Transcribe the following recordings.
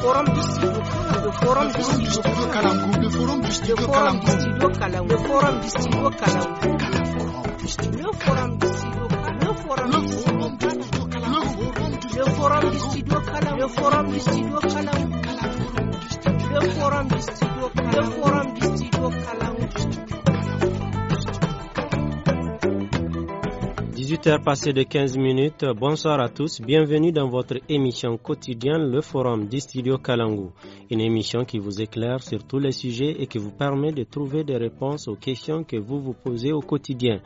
forum du studio le forum du studio le forum du studio le forum du studio le forum du studio le forum du studio le forum du studio le forum du studio le forum du forum du studio 8 de 15 minutes, bonsoir à tous, bienvenue dans votre émission quotidienne Le Forum du Studio une émission qui vous éclaire sur tous les sujets et qui vous permet de trouver des réponses aux questions que vous vous posez au quotidien.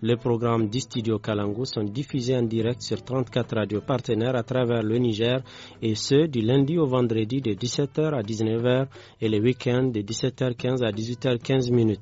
Les programmes du Studio Kalangou sont diffusés en direct sur 34 radios partenaires à travers le Niger et ceux du lundi au vendredi de 17h à 19h et les week-ends de 17h15 à 18h15 minutes.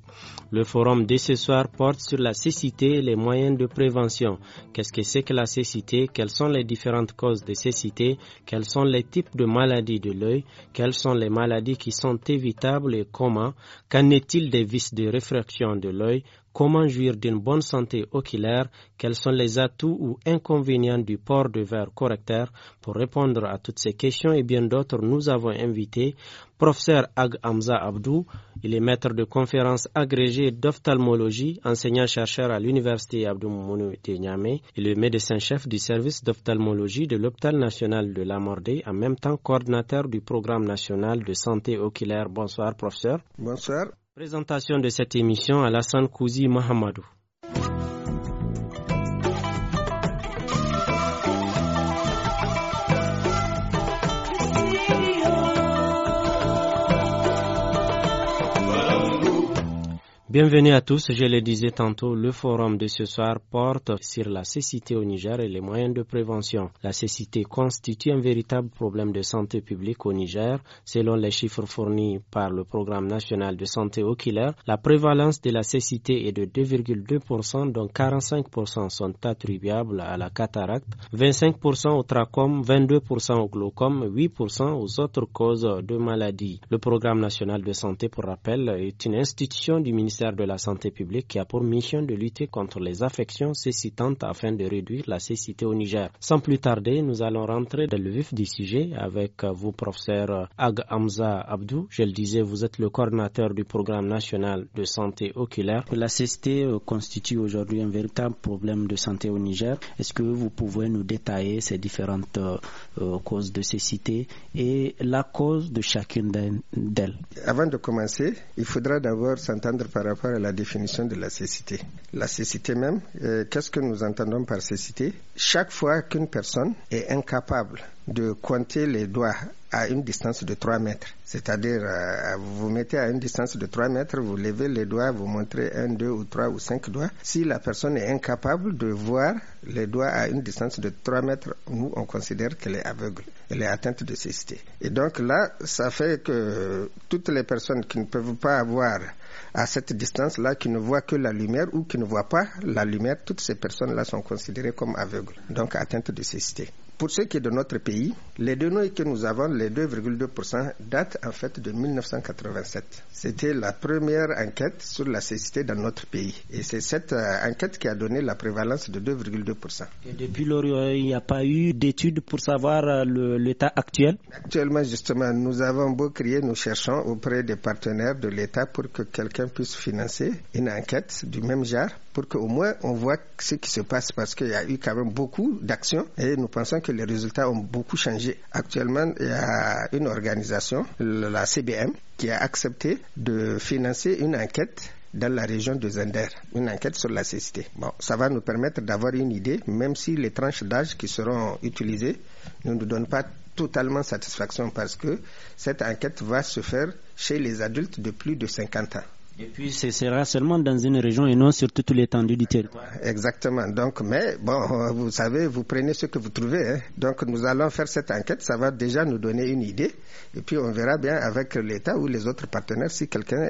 Le forum de ce soir porte sur la cécité et les moyens de prévention. Qu'est-ce que c'est que la cécité Quelles sont les différentes causes de cécité Quels sont les types de maladies de l'œil Quelles sont les maladies qui sont évitables et comment Qu'en est-il des vices de réfraction de l'œil Comment jouir d'une bonne santé oculaire Quels sont les atouts ou inconvénients du port de verre correcteur Pour répondre à toutes ces questions et bien d'autres, nous avons invité professeur Ag Hamza Abdou. Il est maître de conférences agrégé d'ophtalmologie, enseignant-chercheur à l'université Abdou Mounou de Niamey. Il est médecin-chef du service d'ophtalmologie de l'hôpital national de la Mordée, en même temps coordinateur du programme national de santé oculaire. Bonsoir, professeur. Bonsoir. Présentation de cette émission à la Kouzi Mahamadou. Bienvenue à tous, je le disais tantôt, le forum de ce soir porte sur la cécité au Niger et les moyens de prévention. La cécité constitue un véritable problème de santé publique au Niger. Selon les chiffres fournis par le Programme national de santé oculaire, la prévalence de la cécité est de 2,2%, dont 45% sont attribuables à la cataracte, 25% au trachome, 22% au glaucome, 8% aux autres causes de maladies. Le Programme national de santé, pour rappel, est une institution du ministère de la Santé publique qui a pour mission de lutter contre les affections cécitantes afin de réduire la cécité au Niger. Sans plus tarder, nous allons rentrer dans le vif du sujet avec vous, professeur Ag Hamza Abdou. Je le disais, vous êtes le coordinateur du programme national de santé oculaire. La cécité euh, constitue aujourd'hui un véritable problème de santé au Niger. Est-ce que vous pouvez nous détailler ces différentes euh, euh, causes de cécité et la cause de chacune d'elles Avant de commencer, il faudra d'abord s'entendre par rapport à la définition de la cécité. La cécité même, euh, qu'est-ce que nous entendons par cécité Chaque fois qu'une personne est incapable de compter les doigts à une distance de 3 mètres. C'est-à-dire, euh, vous mettez à une distance de 3 mètres, vous levez les doigts, vous montrez un, deux ou trois ou cinq doigts. Si la personne est incapable de voir les doigts à une distance de 3 mètres, nous, on considère qu'elle est aveugle, elle est atteinte de cécité. Et donc là, ça fait que euh, toutes les personnes qui ne peuvent pas avoir à cette distance-là, qui ne voit que la lumière ou qui ne voit pas la lumière, toutes ces personnes-là sont considérées comme aveugles, donc atteintes de cécité. Pour ce qui est de notre pays, les données que nous avons, les 2,2%, datent en fait de 1987. C'était la première enquête sur la cécité dans notre pays. Et c'est cette euh, enquête qui a donné la prévalence de 2,2%. Et depuis lors, euh, il n'y a pas eu d'études pour savoir euh, l'état actuel Actuellement, justement, nous avons beau crier, nous cherchons auprès des partenaires de l'État pour que quelqu'un puisse financer une enquête du même genre pour qu'au moins on voit ce qui se passe parce qu'il y a eu quand même beaucoup d'actions et nous pensons que les résultats ont beaucoup changé. Actuellement, il y a une organisation, la CBM, qui a accepté de financer une enquête dans la région de Zender, une enquête sur la cécité. Bon, ça va nous permettre d'avoir une idée, même si les tranches d'âge qui seront utilisées ne nous donnent pas totalement satisfaction parce que cette enquête va se faire chez les adultes de plus de 50 ans. Et puis, ce sera seulement dans une région et non sur toute l'étendue du territoire. Exactement. Donc, mais bon, vous savez, vous prenez ce que vous trouvez. Hein. Donc, nous allons faire cette enquête. Ça va déjà nous donner une idée. Et puis, on verra bien avec l'État ou les autres partenaires si quelqu'un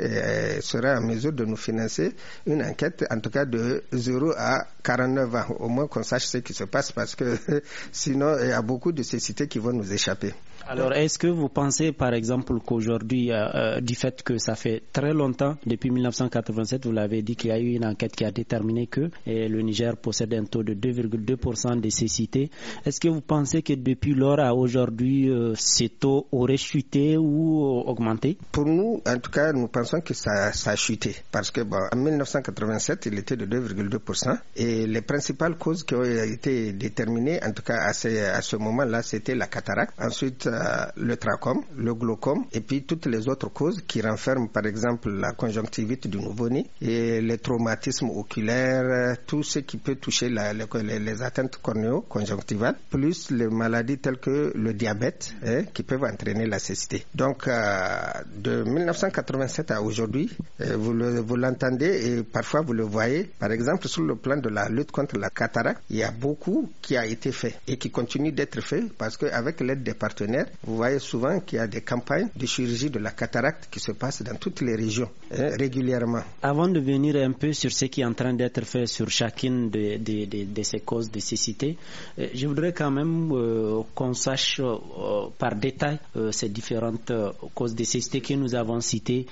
sera en mesure de nous financer une enquête, en tout cas de 0 à 49 ans. Au moins qu'on sache ce qui se passe parce que sinon, il y a beaucoup de ces cités qui vont nous échapper. Alors, est-ce que vous pensez, par exemple, qu'aujourd'hui, euh, euh, du fait que ça fait très longtemps, depuis 1987, vous l'avez dit, qu'il y a eu une enquête qui a déterminé que eh, le Niger possède un taux de 2,2% de cécité, est-ce que vous pensez que depuis lors à aujourd'hui, euh, ces taux auraient chuté ou augmenté Pour nous, en tout cas, nous pensons que ça, a chuté. Parce que, bon, en 1987, il était de 2,2%. Et les principales causes qui ont été déterminées, en tout cas à ce, à ce moment-là, c'était la cataracte. Ensuite, euh, le trachome, le glaucome et puis toutes les autres causes qui renferment par exemple la conjonctivite du nouveau-né et les traumatismes oculaires, euh, tout ce qui peut toucher la, les, atteintes cornéo-conjonctivales, plus les maladies telles que le diabète hein, qui peuvent entraîner la cécité. Donc euh, de 1987 à aujourd'hui, vous l'entendez et parfois vous le voyez, par exemple sur le plan de la lutte contre la cataracte, il y a beaucoup qui a été fait et qui continue d'être fait parce qu'avec l'aide des partenaires, vous voyez souvent qu'il y a des campagnes de chirurgie de la cataracte qui se passent dans toutes les régions hein, régulièrement. Avant de venir un peu sur ce qui est en train d'être fait sur chacune de, ces causes de cécité, euh, je voudrais quand même euh, qu'on sache euh, par détail ces différentes causes de cécité que nous avons citées.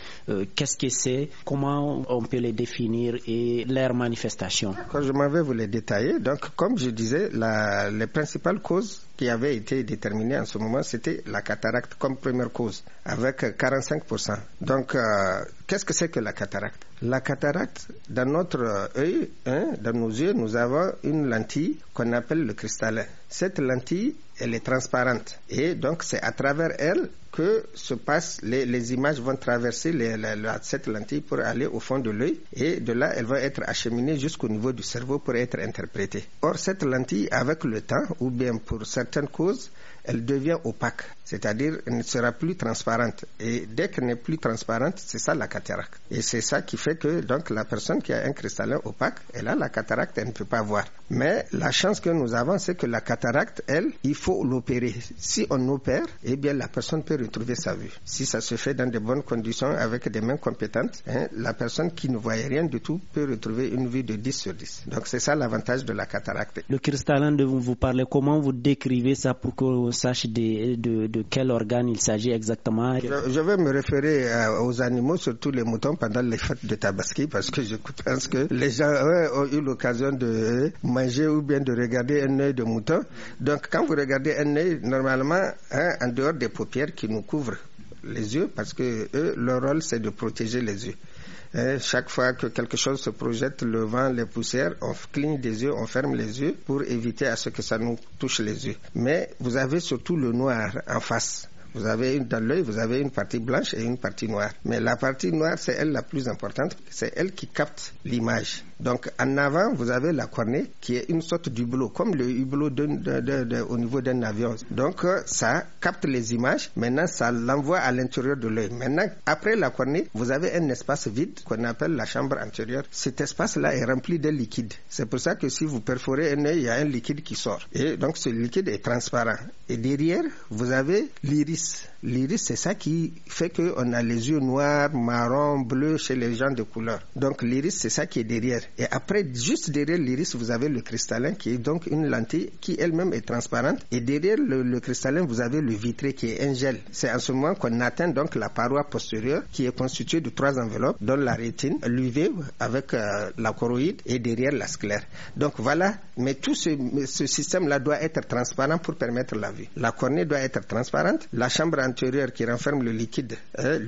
Qu'est-ce que c'est Comment on peut les définir et leurs manifestations Quand je m'en vais vous les détailler, donc comme je disais, la, les principales causes qui avaient été déterminées en ce moment, c'est la cataracte comme première cause, avec 45%. Donc, euh, qu'est-ce que c'est que la cataracte La cataracte, dans notre œil, hein, dans nos yeux, nous avons une lentille qu'on appelle le cristallin. Cette lentille, elle est transparente. Et donc, c'est à travers elle que se passent les, images vont traverser les, cette lentille pour aller au fond de l'œil et de là, elle va être acheminée jusqu'au niveau du cerveau pour être interprétée. Or, cette lentille, avec le temps, ou bien pour certaines causes, elle devient opaque, c'est-à-dire elle ne sera plus transparente. Et dès qu'elle n'est plus transparente, c'est ça la cataracte. Et c'est ça qui fait que donc la personne qui a un cristallin opaque, elle a la cataracte, elle ne peut pas voir. Mais la chance que nous avons, c'est que la cataracte, elle, il faut l'opérer. Si on opère, eh bien la personne peut retrouver sa vue. Si ça se fait dans de bonnes conditions, avec des mains compétentes, hein, la personne qui ne voyait rien du tout peut retrouver une vue de 10 sur 10. Donc c'est ça l'avantage de la cataracte. Le cristallin de vous parlez, comment vous décrivez ça pour que sache de, quel organe il s'agit exactement. Je, vais me référer euh, aux animaux, surtout les moutons, pendant les fêtes de Tabaski, parce que je pense que les gens ont eu l'occasion de euh, manger ou bien de regarder un œil de mouton. Donc, quand vous regardez un œil, normalement, hein, en dehors des paupières qui nous couvrent les yeux, parce que leur rôle, c'est de protéger les yeux chaque fois que quelque chose se projette, le vent, les poussières, on cligne des yeux, on ferme les yeux pour éviter à ce que ça nous touche les yeux. Mais vous avez surtout le noir en face. Vous avez une dans l'œil, vous avez une partie blanche et une partie noire. Mais la partie noire, c'est elle la plus importante, c'est elle qui capte l'image. Donc en avant, vous avez la cornée qui est une sorte d'hublot, comme le hublot au niveau d'un avion. Donc euh, ça capte les images, maintenant ça l'envoie à l'intérieur de l'œil. Maintenant, après la cornée, vous avez un espace vide qu'on appelle la chambre antérieure. Cet espace-là est rempli de liquide. C'est pour ça que si vous perforez un œil, il y a un liquide qui sort. Et donc ce liquide est transparent. Et derrière, vous avez l'iris L'iris, c'est ça qui fait qu'on a les yeux noirs, marron, bleu chez les gens de couleur. Donc l'iris, c'est ça qui est derrière. Et après, juste derrière l'iris, vous avez le cristallin qui est donc une lentille qui elle-même est transparente. Et derrière le, cristallin, vous avez le vitré qui est un gel. C'est en ce moment qu'on atteint donc la paroi postérieure qui est constituée de trois enveloppes, dont la rétine, l'UV avec euh, la choroïde et derrière la sclère. Donc voilà, mais tout ce, système-là doit être transparent pour permettre la vue. La cornée doit être transparente, la chambre qui renferme le liquide hein,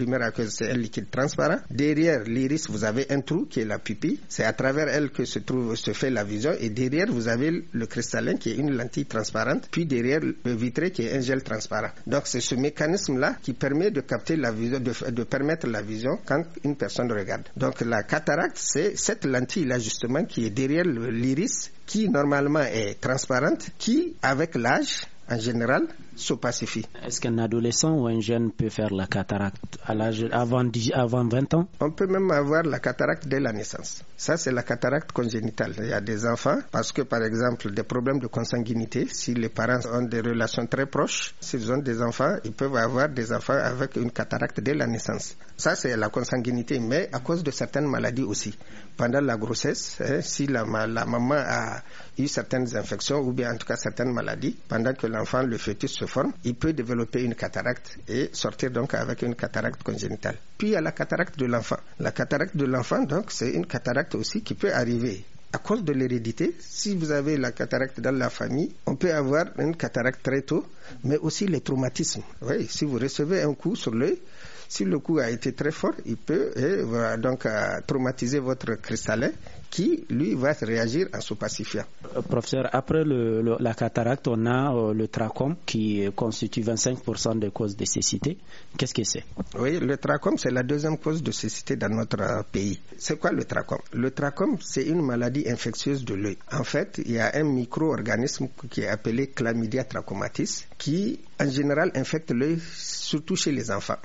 c'est un liquide transparent. Derrière l'iris, vous avez un trou qui est la pupille. C'est à travers elle que se trouve, se fait la vision. Et derrière, vous avez le cristallin qui est une lentille transparente. Puis derrière, le vitré qui est un gel transparent. Donc, c'est ce mécanisme-là qui permet de capter la vision, de, de permettre la vision quand une personne regarde. Donc, la cataracte, c'est cette lentille-là justement qui est derrière l'iris qui normalement est transparente, qui avec l'âge en général se pacifie. Est-ce qu'un adolescent ou un jeune peut faire la cataracte à l'âge avant, 10, avant 20 ans On peut même avoir la cataracte dès la naissance. Ça, c'est la cataracte congénitale. Il y a des enfants, parce que par exemple, des problèmes de consanguinité, si les parents ont des relations très proches, s'ils ont des enfants, ils peuvent avoir des enfants avec une cataracte dès la naissance. Ça, c'est la consanguinité, mais à cause de certaines maladies aussi. Pendant la grossesse, hein, si la, la maman a eu certaines infections ou bien en tout cas certaines maladies, pendant que l'enfant, le fœtus se forme, il peut développer une cataracte et sortir donc avec une cataracte congénitale. Puis il y a la cataracte de l'enfant. La cataracte de l'enfant, donc, c'est une cataracte aussi qui peut arriver à cause de l'hérédité, si vous avez la cataracte dans la famille, on peut avoir une cataracte très tôt, mais aussi les traumatismes. Oui, si vous recevez un coup sur l'œil, si le coup a été très fort, il peut donc euh, traumatiser votre cristallin qui, lui, va réagir en se pacifiant. Euh, professeur, après le, la cataracte, on a euh, le trachome qui constitue 25% des causes de cécité. Qu'est-ce que c'est Oui, le trachome, c'est la deuxième cause de cécité dans notre pays. C'est quoi le trachome Le trachome, c'est une maladie infectieuse de l'œil. En fait, il y a un micro-organisme qui est appelé Chlamydia trachomatis qui, en général, infecte l'œil, surtout chez les enfants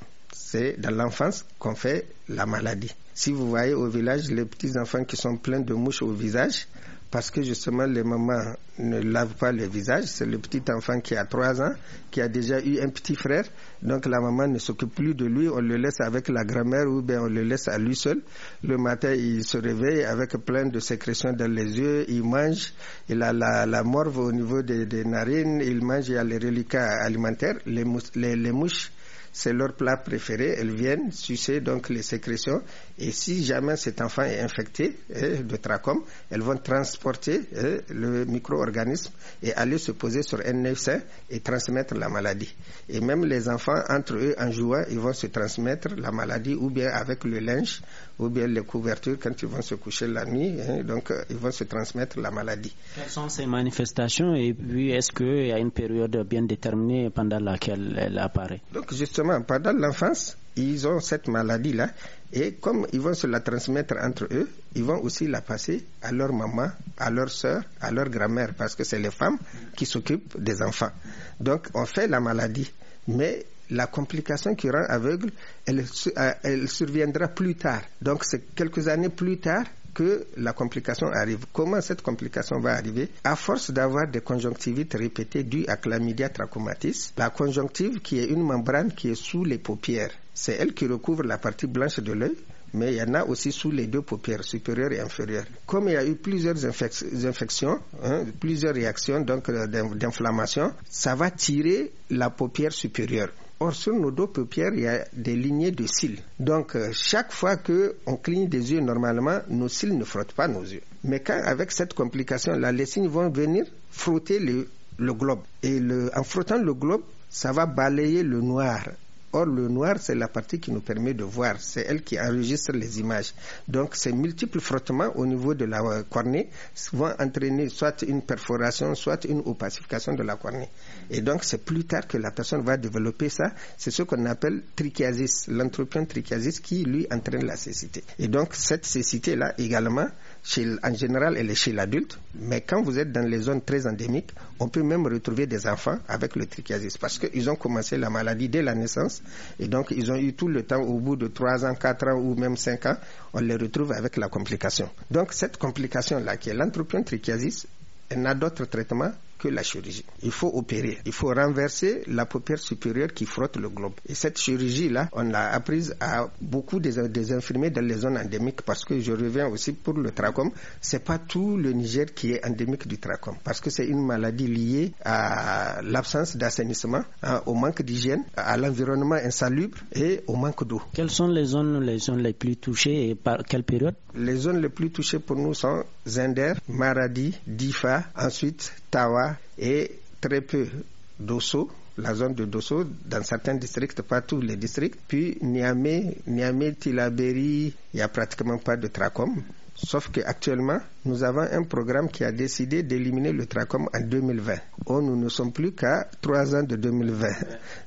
c'est dans l'enfance qu'on fait la maladie. Si vous voyez au village les petits-enfants qui sont pleins de mouches au visage, parce que justement les mamans ne lavent pas les visages. C'est le petit enfant qui a trois ans, qui a déjà eu un petit frère, donc la maman ne s'occupe plus de lui, on le laisse avec la grand-mère ou bien on le laisse à lui seul. Le matin, il se réveille avec plein de sécrétions dans les yeux, il mange, il a la, morve au niveau des, narines, il mange, il y a les reliquats alimentaires, les mouches c'est leur plat préféré. Elles viennent sucer donc les sécrétions et si jamais cet enfant est infecté euh, de trachome, elles vont transporter euh, le micro-organisme et aller se poser sur un et transmettre la maladie. Et même les enfants, entre eux, en jouant, ils vont se transmettre la maladie ou bien avec le linge ou bien les couvertures quand ils vont se coucher la nuit. Hein, donc, euh, ils vont se transmettre la maladie. Quelles sont ces manifestations et puis est-ce qu'il y a une période bien déterminée pendant laquelle elle apparaît Donc, justement, pendant l'enfance, ils ont cette maladie-là. Et comme ils vont se la transmettre entre eux, ils vont aussi la passer à leur maman, à leur sœur, à leur grand-mère, parce que c'est les femmes qui s'occupent des enfants. Donc on fait la maladie, mais la complication qui rend aveugle, elle, euh, elle surviendra plus tard. Donc c'est quelques années plus tard que la complication arrive. Comment cette complication va arriver À force d'avoir des conjonctivites répétées dues à chlamydia trachomatis, la conjonctive qui est une membrane qui est sous les paupières c'est elle qui recouvre la partie blanche de l'œil, mais il y en a aussi sous les deux paupières, supérieures et inférieures. Comme il y a eu plusieurs infections, hein, plusieurs réactions donc euh, d'inflammation, ça va tirer la paupière supérieure. Or, sur nos deux paupières, il y a des lignées de cils. Donc, euh, chaque fois qu'on cligne des yeux normalement, nos cils ne frottent pas nos yeux. Mais quand, avec cette complication la les cils vont venir frotter le, globe. Et en frottant le globe, ça va balayer le noir Or, le noir, c'est la partie qui nous permet de voir. C'est elle qui enregistre les images. Donc, ces multiples frottements au niveau de la euh, cornée vont entraîner soit une perforation, soit une opacification de la cornée. Et donc, c'est plus tard que la personne va développer ça. C'est ce qu'on appelle trichiasis, l'entropion trichiasis qui, lui, entraîne la cécité. Et donc, cette cécité-là également, en général, elle est chez l'adulte, mais quand vous êtes dans les zones très endémiques, on peut même retrouver des enfants avec le trichiasis parce qu'ils ont commencé la maladie dès la naissance et donc ils ont eu tout le temps, au bout de 3 ans, 4 ans ou même 5 ans, on les retrouve avec la complication. Donc cette complication-là, qui est l'entropion trichiasis, elle n'a d'autre traitement que la chirurgie. Il faut opérer. Il faut renverser la paupière supérieure qui frotte le globe. Et cette chirurgie-là, on l'a apprise à beaucoup des, des, infirmiers dans les zones endémiques parce que je reviens aussi pour le trachome. C'est pas tout le Niger qui est endémique du trachome parce que c'est une maladie liée à l'absence d'assainissement, hein, au manque d'hygiène, à l'environnement insalubre et au manque d'eau. Quelles sont les zones, les zones les plus touchées et par quelle période? Les zones les plus touchées pour nous sont Zender, Maradi, Difa, ensuite Tawa, et très peu d'Osso, la zone de Dosso, dans certains districts, pas tous les districts. Puis Niamey, Niamey, Tilaberi, il n'y a pratiquement pas de tracom. Sauf qu'actuellement, nous avons un programme qui a décidé d'éliminer le trachome en 2020. Oh, nous ne sommes plus qu'à trois ans de 2020.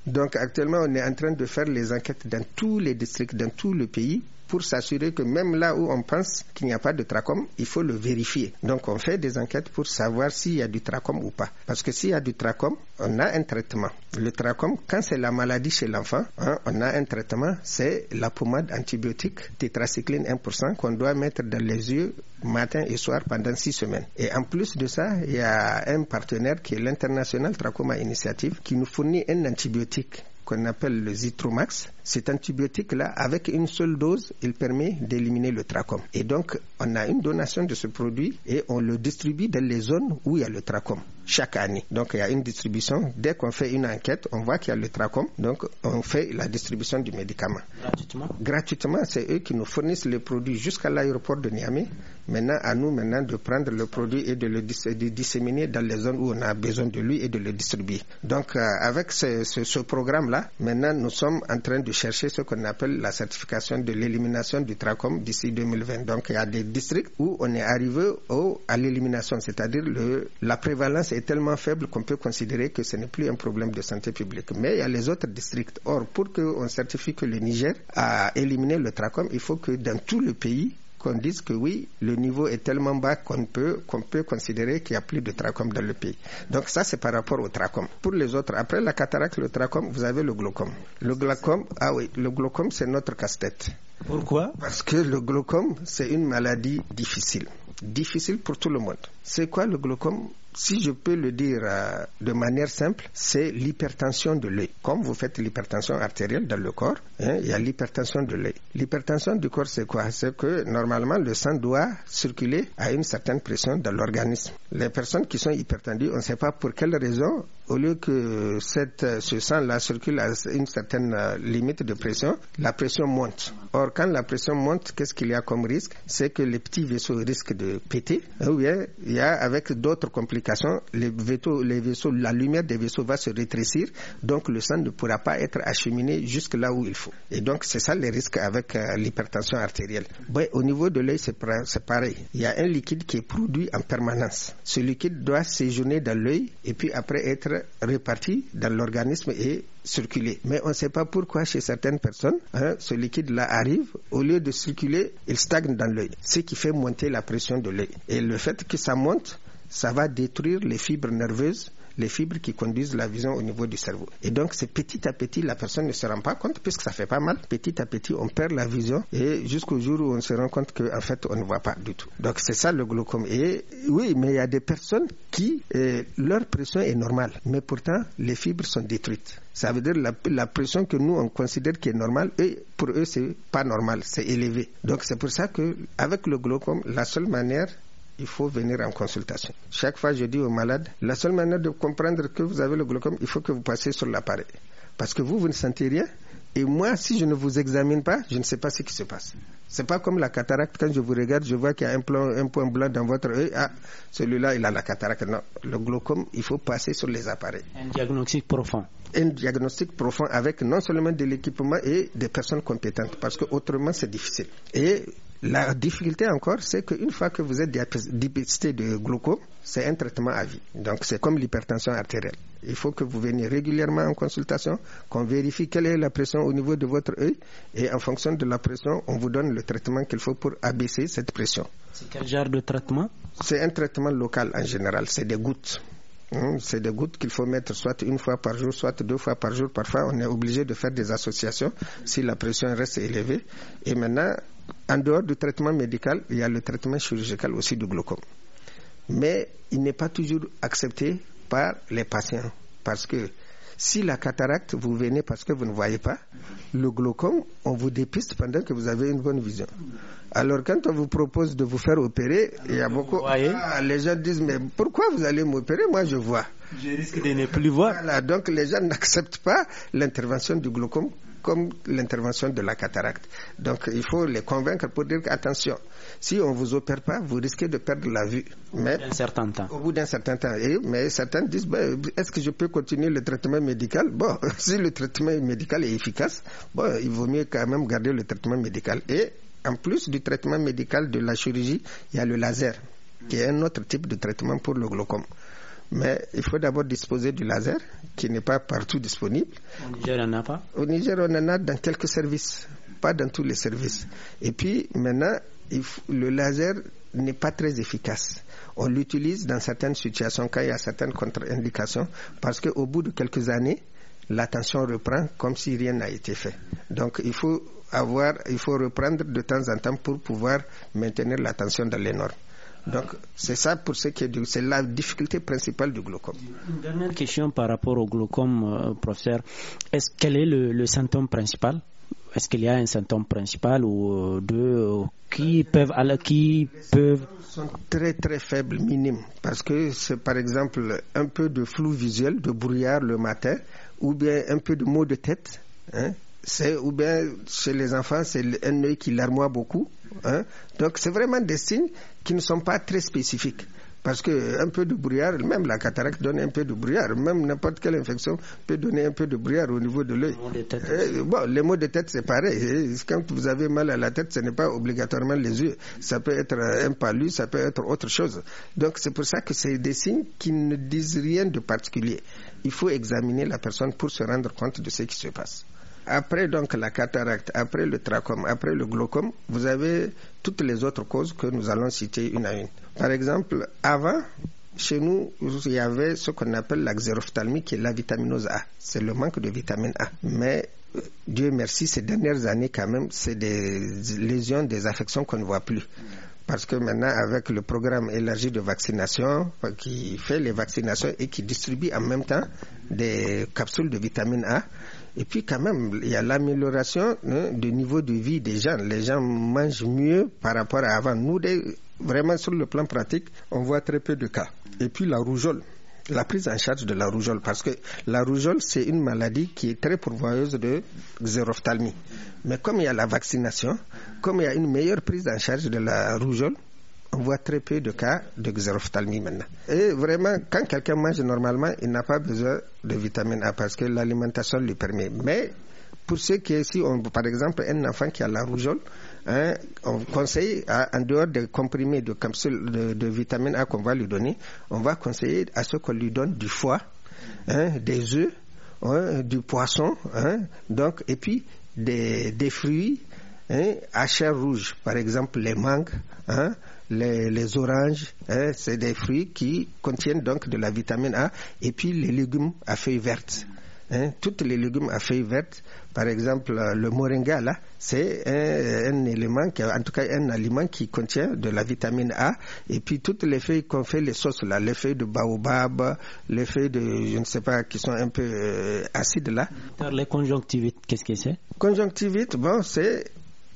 Donc actuellement, on est en train de faire les enquêtes dans tous les districts, dans tout le pays pour s'assurer que même là où on pense qu'il n'y a pas de trachome, il faut le vérifier. Donc on fait des enquêtes pour savoir s'il y a du trachome ou pas. Parce que s'il y a du trachome, on a un traitement. Le trachome, quand c'est la maladie chez l'enfant, hein, on a un traitement, c'est la pommade antibiotique tétracycline 1% qu'on doit mettre dans les yeux matin et soir pendant six semaines. Et en plus de ça, il y a un partenaire qui est l'International Trachoma Initiative qui nous fournit un antibiotique qu'on appelle le Zitromax cet antibiotique-là, avec une seule dose, il permet d'éliminer le trachome. Et donc, on a une donation de ce produit et on le distribue dans les zones où il y a le trachome chaque année. Donc, il y a une distribution. Dès qu'on fait une enquête, on voit qu'il y a le trachome. Donc, on fait la distribution du médicament. Gratuitement Gratuitement, c'est eux qui nous fournissent le produit jusqu'à l'aéroport de Niamey. Maintenant, à nous maintenant de prendre le produit et de le disséminer dans les zones où on a besoin de lui et de le distribuer. Donc, euh, avec ce programme-là, maintenant, nous sommes en train de de chercher ce qu'on appelle la certification de l'élimination du trachome d'ici 2020. Donc il y a des districts où on est arrivé au, à l'élimination, c'est-à-dire la prévalence est tellement faible qu'on peut considérer que ce n'est plus un problème de santé publique. Mais il y a les autres districts. Or, pour qu'on certifie que le Niger a éliminé le trachome, il faut que dans tout le pays, qu'on dise que oui, le niveau est tellement bas qu'on peut, qu'on peut considérer qu'il n'y a plus de trachome dans le pays. Donc ça, c'est par rapport au trachome. Pour les autres, après la cataracte, le trachome, vous avez le glaucome. Le glaucome, ah oui, le glaucome, c'est notre casse-tête. Pourquoi Parce que le glaucome, c'est une maladie difficile. Difficile pour tout le monde. C'est quoi le glaucome si je peux le dire euh, de manière simple, c'est l'hypertension de l'œil. Comme vous faites l'hypertension artérielle dans le corps, hein, il y a l'hypertension de l'œil. L'hypertension du corps, c'est quoi C'est que normalement, le sang doit circuler à une certaine pression dans l'organisme. Les personnes qui sont hypertendues, on ne sait pas pour quelle raison, au lieu que cette, ce sang-là circule à une certaine euh, limite de pression, la pression monte. Or, quand la pression monte, qu'est-ce qu'il y a comme risque C'est que les petits vaisseaux risquent de péter, hein, ou bien il y a avec d'autres complications, les les vaisseaux, la lumière des vaisseaux va se rétrécir, donc le sang ne pourra pas être acheminé jusque là où il faut. Et donc c'est ça les risques avec euh, l'hypertension artérielle. au niveau de l'œil, c'est pareil. Il y a un liquide qui est produit en permanence. Ce liquide doit séjourner dans l'œil et puis après être réparti dans l'organisme et circuler. Mais on ne sait pas pourquoi chez certaines personnes, hein, ce liquide-là arrive, au lieu de circuler, il stagne dans l'œil, ce qui fait monter la pression de l'œil. Et le fait que ça monte, ça va détruire les fibres nerveuses les fibres qui conduisent la vision au niveau du cerveau. Et donc, c'est petit à petit, la personne ne se rend pas compte puisque ça fait pas mal. Petit à petit, on perd la vision et jusqu'au jour où on se rend compte qu'en fait, on ne voit pas du tout. Donc, c'est ça le glaucome. Et oui, mais il y a des personnes qui, euh, leur pression est normale, mais pourtant, les fibres sont détruites. Ça veut dire la, la pression que nous on considère qui est normale, et pour eux c'est pas normal, c'est élevé. Donc c'est pour ça que avec le glaucome, la seule manière il faut venir en consultation. Chaque fois, je dis aux malades, la seule manière de comprendre que vous avez le glaucome, il faut que vous passiez sur l'appareil. Parce que vous, vous ne sentez rien. Et moi, si je ne vous examine pas, je ne sais pas ce qui se passe. C'est pas comme la cataracte. Quand je vous regarde, je vois qu'il y a un, point blanc dans votre œil. Ah, celui-là, il a la cataracte. Non, le glaucome, il faut passer sur les appareils. Un diagnostic profond. Un diagnostic profond avec non seulement de l'équipement et des personnes compétentes, parce que autrement, c'est difficile. Et la difficulté encore, c'est qu'une fois que vous êtes dépisté de glucose, c'est un traitement à vie. Donc c'est comme l'hypertension artérielle. Il faut que vous veniez régulièrement en consultation, qu'on vérifie quelle est la pression au niveau de votre œil et en fonction de la pression, on vous donne le traitement qu'il faut pour abaisser cette pression. C'est quel genre de traitement C'est un traitement local en général, c'est des gouttes. Hein, c'est des gouttes qu'il faut mettre soit une fois par jour, soit deux fois par jour. Parfois, on est obligé de faire des associations si la pression reste élevée. Et maintenant, en dehors du traitement médical, il y a le traitement chirurgical aussi du glaucome. Mais il n'est pas toujours accepté par les patients parce que si la cataracte, vous venez parce que vous ne voyez pas, le glaucome, on vous dépiste pendant que vous avez une bonne vision. Alors quand on vous propose de vous faire opérer, il y a beaucoup... Ah, les gens disent, mais pourquoi vous allez m'opérer Moi, je vois. Je risque de ne plus voir. Voilà, donc les gens n'acceptent pas l'intervention du glaucome comme l'intervention de la cataracte. Donc il faut les convaincre pour dire attention, si on ne vous opère pas, vous risquez de perdre la vue. au bout d'un certain temps. certain mais certains disent, ben, est-ce que je peux continuer le traitement médical Bon, si le traitement médical est efficace, il vaut mieux quand même garder le traitement médical. Et en plus du traitement médical de la chirurgie, il y a le laser, qui est un autre type de traitement pour le glaucome. Mais il faut d'abord disposer du laser, qui n'est pas partout disponible. Au Niger, on en a pas Au Niger, on en a dans quelques services, pas dans tous les services. Et puis, maintenant, le laser n'est pas très efficace. On l'utilise dans certaines situations, quand il y a certaines contre-indications, parce qu'au bout de quelques années, l'attention reprend comme si rien n'a été fait. Donc, il faut avoir, il faut reprendre de temps en temps pour pouvoir maintenir l'attention dans les normes. Donc, c'est ça pour ce qui est du, c'est la difficulté principale du glaucome. Une dernière question par rapport au glaucome, euh, professeur. Est-ce quel est le, le symptôme principal Est-ce qu'il y a un symptôme principal ou euh, deux euh, qui peuvent, qui peuvent sont très très faibles, minimes, parce que c'est par exemple un peu de flou visuel, de brouillard le matin, ou bien un peu de maux de tête. Hein? c'est ou bien chez les enfants, c'est un œil qui larmoie beaucoup. Hein? Donc c'est vraiment des signes qui ne sont pas très spécifiques. Parce que un peu de brouillard, même la cataracte donne un peu de brouillard, même n'importe quelle infection peut donner un peu de brouillard au niveau de l'œil. Euh, bon, les maux de tête, c'est pareil. Quand vous avez mal à la tête, ce n'est pas obligatoirement les yeux. Ça peut être euh, un palus, ça peut être autre chose. Donc c'est pour ça que c'est des signes qui ne disent rien de particulier. Il faut examiner la personne pour se rendre compte de ce qui se passe. Après donc la cataracte, après le trachome, après le glaucome, vous avez toutes les autres causes que nous allons citer une à une. Par exemple, avant, chez nous, il y avait ce qu'on appelle la xérophthalmie qui est la vitamine A. C'est le manque de vitamine A. Mais euh, Dieu merci, ces dernières années quand même, c'est des lésions, des affections qu'on ne voit plus parce que maintenant, avec le programme élargi de vaccination, qui fait les vaccinations et qui distribue en même temps des capsules de vitamine A, et puis quand même, il y a l'amélioration hein, du niveau de vie des gens. Les gens mangent mieux par rapport à avant. Nous, vraiment sur le plan pratique, on voit très peu de cas. Et puis la rougeole la prise en charge de la rougeole, parce que la rougeole, c'est une maladie qui est très pourvoyeuse de xérophthalmie. Mais comme il y a la vaccination, comme il y a une meilleure prise en charge de la rougeole, on voit très peu de cas de xérophthalmie maintenant. Et vraiment, quand quelqu'un mange normalement, il n'a pas besoin de vitamine A parce que l'alimentation lui permet. Mais pour ceux qui si on, par exemple, un enfant qui a la rougeole, hein, on conseille, en dehors des comprimés de capsules de, vitamine A qu'on va lui donner, on va conseiller à ce qu'on lui donne du foie, hein, des œufs, hein, du poisson, hein, donc, et puis des, des fruits hein, à chair rouge, par exemple les mangues, les, les oranges, hein, c'est des fruits qui contiennent donc de la vitamine A, et puis les légumes à feuilles vertes. Hein, toutes les légumes à feuilles vertes, par exemple euh, le moringa là, c'est un, élément, qui, en tout cas un aliment qui contient de la vitamine A. Et puis toutes les feuilles qu'on fait les sauces là, les feuilles de baobab, les feuilles de, je ne sais pas, qui sont un peu euh, acides là. les conjonctivites, qu'est-ce que c'est Conjonctivite, bon, c'est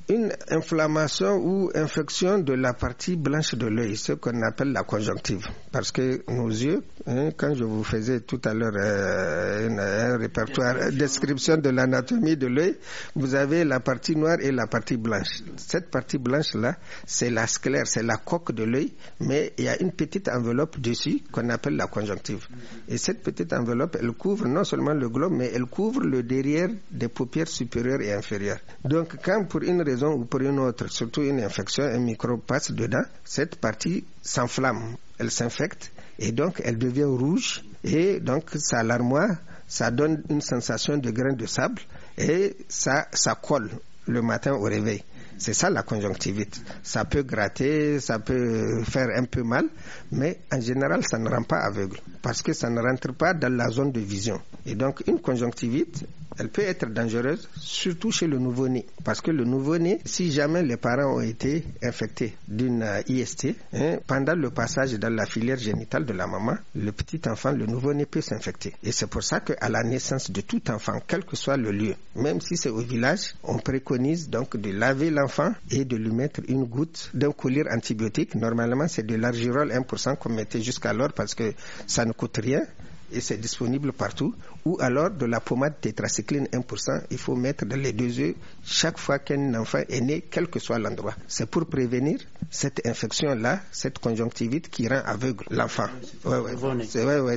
une inflammation ou infection de la partie blanche de l'œil, ce qu'on appelle la conjonctive. Parce que nos yeux, hein, quand je vous faisais tout à l'heure euh, un répertoire, une euh, description de l'anatomie de l'œil, vous avez la partie noire et la partie blanche. Cette partie blanche-là, c'est la sclère, c'est la coque de l'œil, mais il y a une petite enveloppe dessus qu'on appelle la conjonctive. Et cette petite enveloppe, elle couvre non seulement le globe, mais elle couvre le derrière des paupières supérieures et inférieures. Donc quand pour une ou pour une autre, surtout une infection, un microbe passe dedans, cette partie s'enflamme, elle s'infecte et donc elle devient rouge et donc ça larmoie, ça donne une sensation de grain de sable et ça, ça colle le matin au réveil. C'est ça la conjonctivite. Ça peut gratter, ça peut faire un peu mal, mais en général, ça ne rend pas aveugle parce que ça ne rentre pas dans la zone de vision. Et donc, une conjonctivite, elle peut être dangereuse, surtout chez le nouveau-né. Parce que le nouveau-né, si jamais les parents ont été infectés d'une euh, IST, hein, pendant le passage dans la filière génitale de la maman, le petit enfant, le nouveau-né peut s'infecter. Et c'est pour ça qu'à la naissance de tout enfant, quel que soit le lieu, même si c'est au village, on préconise donc de laver l'enfant et de lui mettre une goutte d'un collier antibiotique. Normalement, c'est de l'argirole qu'on mettait jusqu'alors parce que ça ne coûte rien et c'est disponible partout, ou alors de la pommade tétracycline 1%, il faut mettre dans les deux yeux chaque fois qu'un enfant est né, quel que soit l'endroit. C'est pour prévenir cette infection-là, cette conjonctivite qui rend aveugle l'enfant. Oui,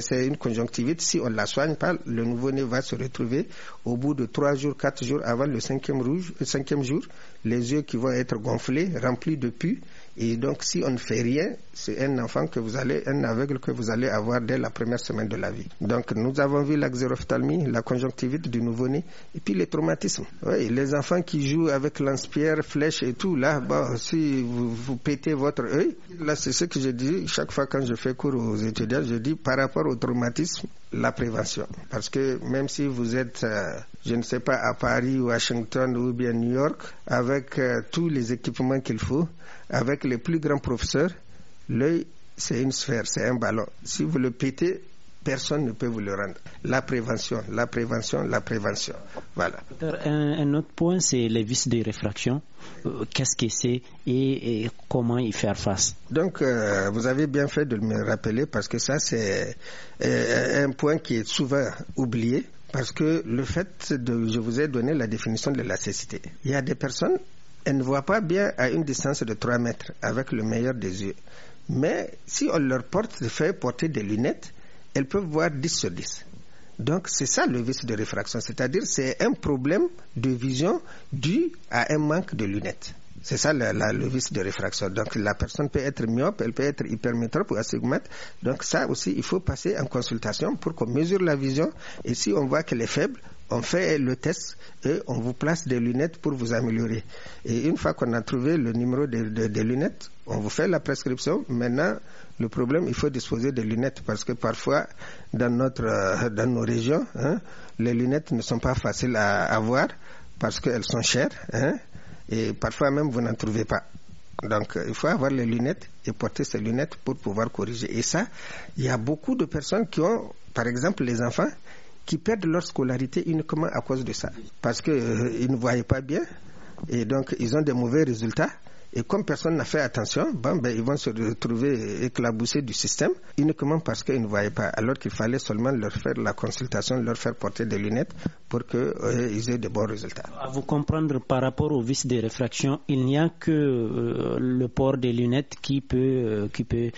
C'est une conjonctivite, si on ne la soigne pas, le nouveau-né va se retrouver au bout de 3 jours, 4 jours avant le cinquième, rouge, le euh, cinquième jour, les yeux qui vont être gonflés, remplis de pus, et donc, si on ne fait rien, c'est un enfant que vous allez, un aveugle que vous allez avoir dès la première semaine de la vie. Donc, nous avons vu la xérophthalmie, la conjonctivite du nouveau-né, et puis les traumatismes. Oui, les enfants qui jouent avec lance-pierre, flèche et tout, là, si vous, vous pétez votre œil, là, c'est ce que je dis chaque fois quand je fais cours aux étudiants, je dis par rapport au traumatisme, la prévention. Parce que même si vous êtes euh, je ne sais pas, à Paris, Washington ou bien New York, avec euh, tous les équipements qu'il faut, avec les plus grands professeurs, l'œil, c'est une sphère, c'est un ballon. Si vous le pétez, personne ne peut vous le rendre. La prévention, la prévention, la prévention. Voilà. Un, autre point, c'est les vis de réfraction. Euh, qu'est-ce que c'est et, comment y faire face Donc, euh, vous avez bien fait de me rappeler parce que ça, c'est un point qui est souvent oublié. Parce que le fait de, je vous ai donné la définition de la cécité. Il y a des personnes, elles ne voient pas bien à une distance de 3 mètres avec le meilleur des yeux. Mais si on leur porte, fait porter des lunettes, elles peuvent voir 10 sur 10. Donc c'est ça le vice de réfraction, c'est-à-dire c'est un problème de vision dû à un manque de lunettes. C'est ça la, le vice de réfraction. Donc la personne peut être myope, elle peut être hypermétrope ou astigmate. Donc ça aussi, il faut passer en consultation pour qu'on mesure la vision. Et si on voit qu'elle est faible, on fait le test et on vous place des lunettes pour vous améliorer. Et une fois qu'on a trouvé le numéro des lunettes, on vous fait la prescription. Maintenant, le problème, il faut disposer des lunettes parce que parfois, dans, notre, euh, dans nos régions, hein, les lunettes ne sont pas faciles à avoir parce qu'elles sont chères. Hein, et parfois même, vous n'en trouvez pas. Donc, euh, il faut avoir les lunettes et porter ces lunettes pour pouvoir corriger. Et ça, il y a beaucoup de personnes qui ont, par exemple, les enfants qui perdent leur scolarité uniquement à cause de ça. Parce qu'ils euh, ne voyaient pas bien et donc ils ont des mauvais résultats. Et comme personne n'a fait attention, ben, ben, ils vont se retrouver éclaboussés du système uniquement parce qu'ils ne voyaient pas. Alors qu'il fallait seulement leur faire la consultation, leur faire porter des lunettes pour qu'ils euh, ils aient de bons résultats. À vous comprendre, par rapport au vice de réfraction, il n'y a que euh, le port des lunettes qui peut, euh, qui peut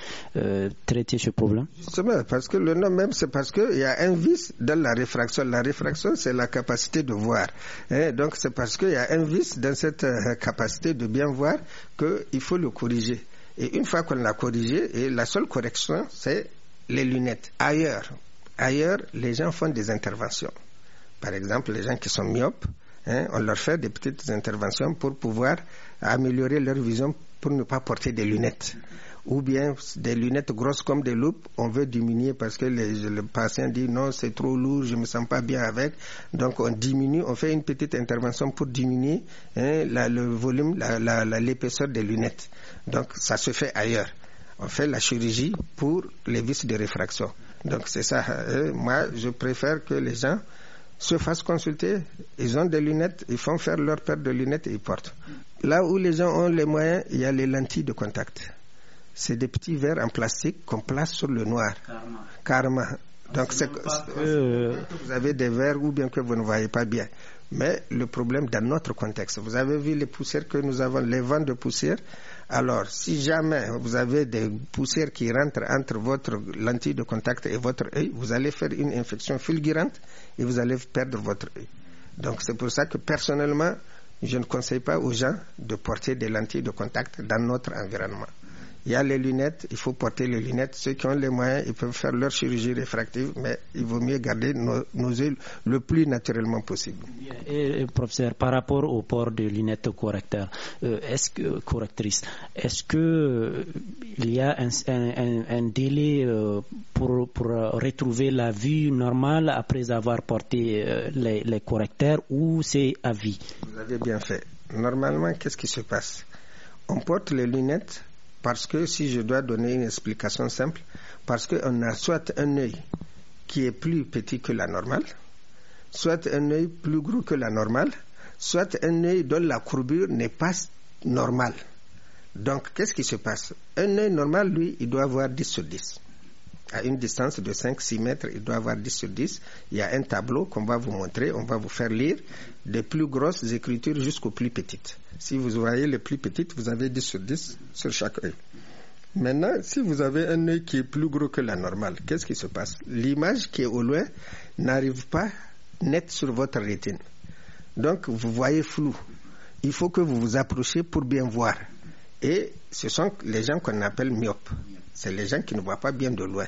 traiter ce problème Justement, parce que le nom même, c'est parce qu'il y a un vice dans la réfraction. La réfraction, c'est la capacité de voir. donc, c'est parce qu'il y a un vice dans cette capacité de bien voir qu'il faut le corriger. Et une fois qu'on l'a corrigé, et la seule correction, c'est les lunettes. Ailleurs, ailleurs, les gens font des interventions. Par exemple, les gens qui sont myopes, hein, on leur fait des petites interventions pour pouvoir améliorer leur vision pour ne pas porter des lunettes ou bien des lunettes grosses comme des loupes, on veut diminuer parce que le patient dit non, c'est trop lourd, je me sens pas bien avec. Donc on diminue, on fait une petite intervention pour diminuer hein, le volume, l'épaisseur des lunettes. Donc ça se fait ailleurs. On fait la chirurgie pour les vis de réfraction. Donc c'est ça. Hein. moi, je préfère que les gens se fassent consulter. Ils ont des lunettes, ils font faire leur paire de lunettes et ils portent. Là où les gens ont les moyens, il y a les lentilles de contact c'est des petits verres en plastique qu'on place sur le noir. Karma. Ah, Donc, c'est euh, vous avez des verres ou bien que vous ne voyez pas bien. Mais le problème dans notre contexte, vous avez vu les poussières que nous avons, les vents de poussière. Alors, si jamais vous avez des poussières qui rentrent entre votre lentille de contact et votre œil, vous allez faire une infection fulgurante et vous allez perdre votre œil. Donc, c'est pour ça que personnellement, je ne conseille pas aux gens de porter des lentilles de contact dans notre environnement. Il y a les lunettes, il faut porter les lunettes. Ceux qui ont les moyens, ils peuvent faire leur chirurgie réfractive, mais il vaut mieux garder nos, ailes yeux le plus naturellement possible. professeur, par rapport au port de lunettes correcteurs, euh, est-ce que correctrices, est-ce qu'il euh, il y a un, délai euh, pour, retrouver la vue normale après avoir porté les, les correcteurs ou c'est à vie Vous avez bien fait. Normalement, qu'est-ce qui se passe On porte les lunettes parce que si je dois donner une explication simple, parce qu'on a soit un œil qui est plus petit que la normale, soit un œil plus gros que la normale, soit un œil dont la courbure n'est pas normale. Donc, qu'est-ce qui se passe Un œil normal, lui, il doit avoir 10 sur 10 à une distance de 5-6 mètres, il doit avoir 10 sur 10. Il y a un tableau qu'on va vous montrer, on va vous faire lire des plus grosses écritures jusqu'aux plus petites. Si vous voyez les plus petites, vous avez 10 sur 10 sur chaque œil. Maintenant, si vous avez un œil qui est plus gros que la normale, qu'est-ce qui se passe L'image qui est au loin n'arrive pas net sur votre rétine. Donc, vous voyez flou. Il faut que vous vous approchiez pour bien voir. Et ce sont les gens qu'on appelle myopes. C'est les gens qui ne voient pas bien de loin.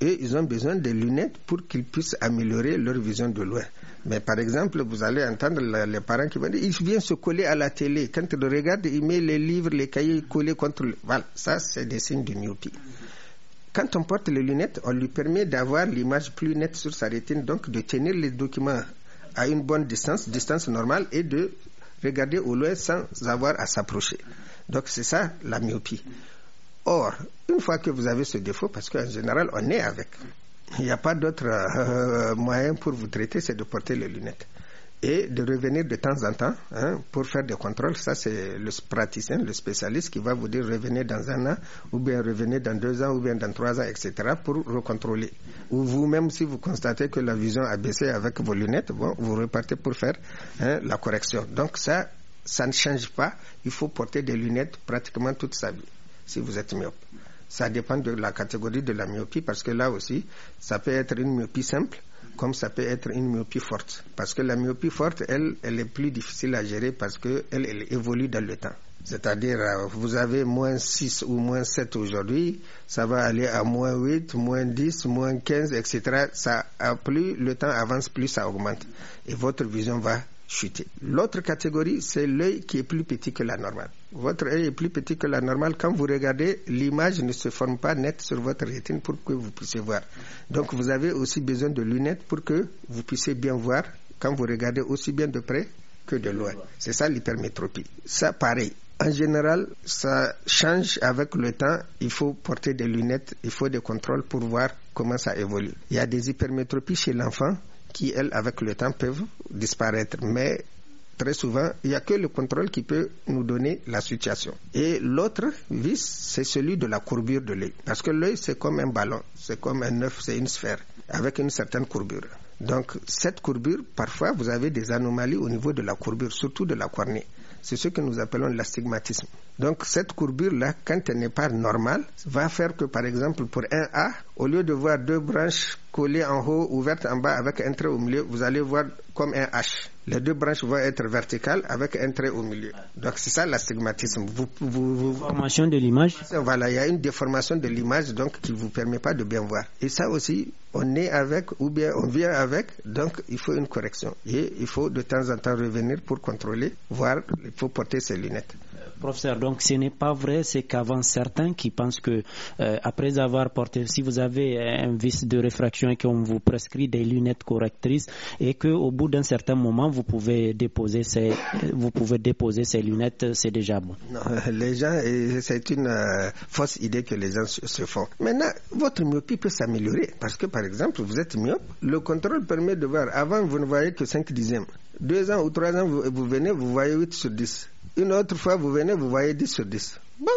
Et ils ont besoin des lunettes pour qu'ils puissent améliorer leur vision de loin. Mais par exemple, vous allez entendre les parents qui vont dire, il vient se coller à la télé. Quand il regarde, il met les livres, les cahiers collés contre Voilà, ça c'est des signes de myopie. Quand on porte les lunettes, on lui permet d'avoir l'image plus nette sur sa rétine, donc de tenir les documents à une bonne distance, distance normale, et de regarder au loin sans avoir à s'approcher. Donc c'est ça la myopie. Or, une fois que vous avez ce défaut, parce qu'en général, on est avec, il n'y a pas d'autre euh, euh, moyen pour vous traiter, c'est de porter les lunettes. Et de revenir de temps en temps hein, pour faire des contrôles. Ça, c'est le praticien, le spécialiste qui va vous dire revenez dans un an, ou bien revenez dans deux ans, ou bien dans trois ans, etc., pour recontrôler. Ou vous-même, si vous constatez que la vision a baissé avec vos lunettes, bon, vous repartez pour faire hein, la correction. Donc, ça, ça ne change pas. Il faut porter des lunettes pratiquement toute sa vie si vous êtes myope. Ça dépend de la catégorie de la myopie parce que là aussi, ça peut être une myopie simple comme ça peut être une myopie forte. Parce que la myopie forte, elle, elle est plus difficile à gérer parce qu'elle elle évolue dans le temps. C'est-à-dire, euh, vous avez moins 6 ou moins 7 aujourd'hui, ça va aller à moins 8, moins 10, moins 15, etc. Ça, plus le temps avance, plus ça augmente. Et votre vision va chuter. L'autre catégorie, c'est l'œil qui est plus petit que la normale votre œil est plus petit que la normale. Quand vous regardez, l'image ne se forme pas nette sur votre rétine pour que vous puissiez voir. Donc vous avez aussi besoin de lunettes pour que vous puissiez bien voir quand vous regardez aussi bien de près que de loin. C'est ça l'hypermétropie. Ça, pareil. En général, ça change avec le temps. Il faut porter des lunettes, il faut des contrôles pour voir comment ça évolue. Il y a des hypermétropies chez l'enfant qui, elles, avec le temps, peuvent disparaître. Mais très souvent, il n'y a que le contrôle qui peut nous donner la situation. Et l'autre vice, c'est celui de la courbure de l'œil. Parce que l'œil, c'est comme un ballon, c'est comme un œuf, c'est une sphère, avec une certaine courbure. Donc, cette courbure, parfois, vous avez des anomalies au niveau de la courbure, surtout de la cornée. C'est ce que nous appelons l'astigmatisme. Donc cette courbure-là, quand elle n'est pas normale, va faire que par exemple pour un A, au lieu de voir deux branches collées en haut, ouvertes en bas avec un trait au milieu, vous allez voir comme un H. Les deux branches vont être verticales avec un trait au milieu. Donc c'est ça l'astigmatisme. Vous, vous, vous, déformation de l'image. Voilà, il y a une déformation de l'image donc qui vous permet pas de bien voir. Et ça aussi, on est avec ou bien on vient avec, donc il faut une correction. Et il faut de temps en temps revenir pour contrôler, voir, il faut porter ses lunettes. Professeur, donc ce n'est pas vrai, c'est qu'avant certains qui pensent que euh, après avoir porté, si vous avez un vice de réfraction et qu'on vous prescrit des lunettes correctrices et qu'au bout d'un certain moment vous pouvez déposer ces, vous pouvez déposer ces lunettes, c'est déjà bon. Non, les gens, c'est une euh, fausse idée que les gens se font. Maintenant, votre myopie peut s'améliorer parce que par exemple vous êtes myope, le contrôle permet de voir. Avant vous ne voyez que 5 dixièmes. Deux ans ou trois ans, vous, vous venez, vous voyez 8 sur 10. Une autre fois, vous venez, vous voyez 10 sur 10. Bon,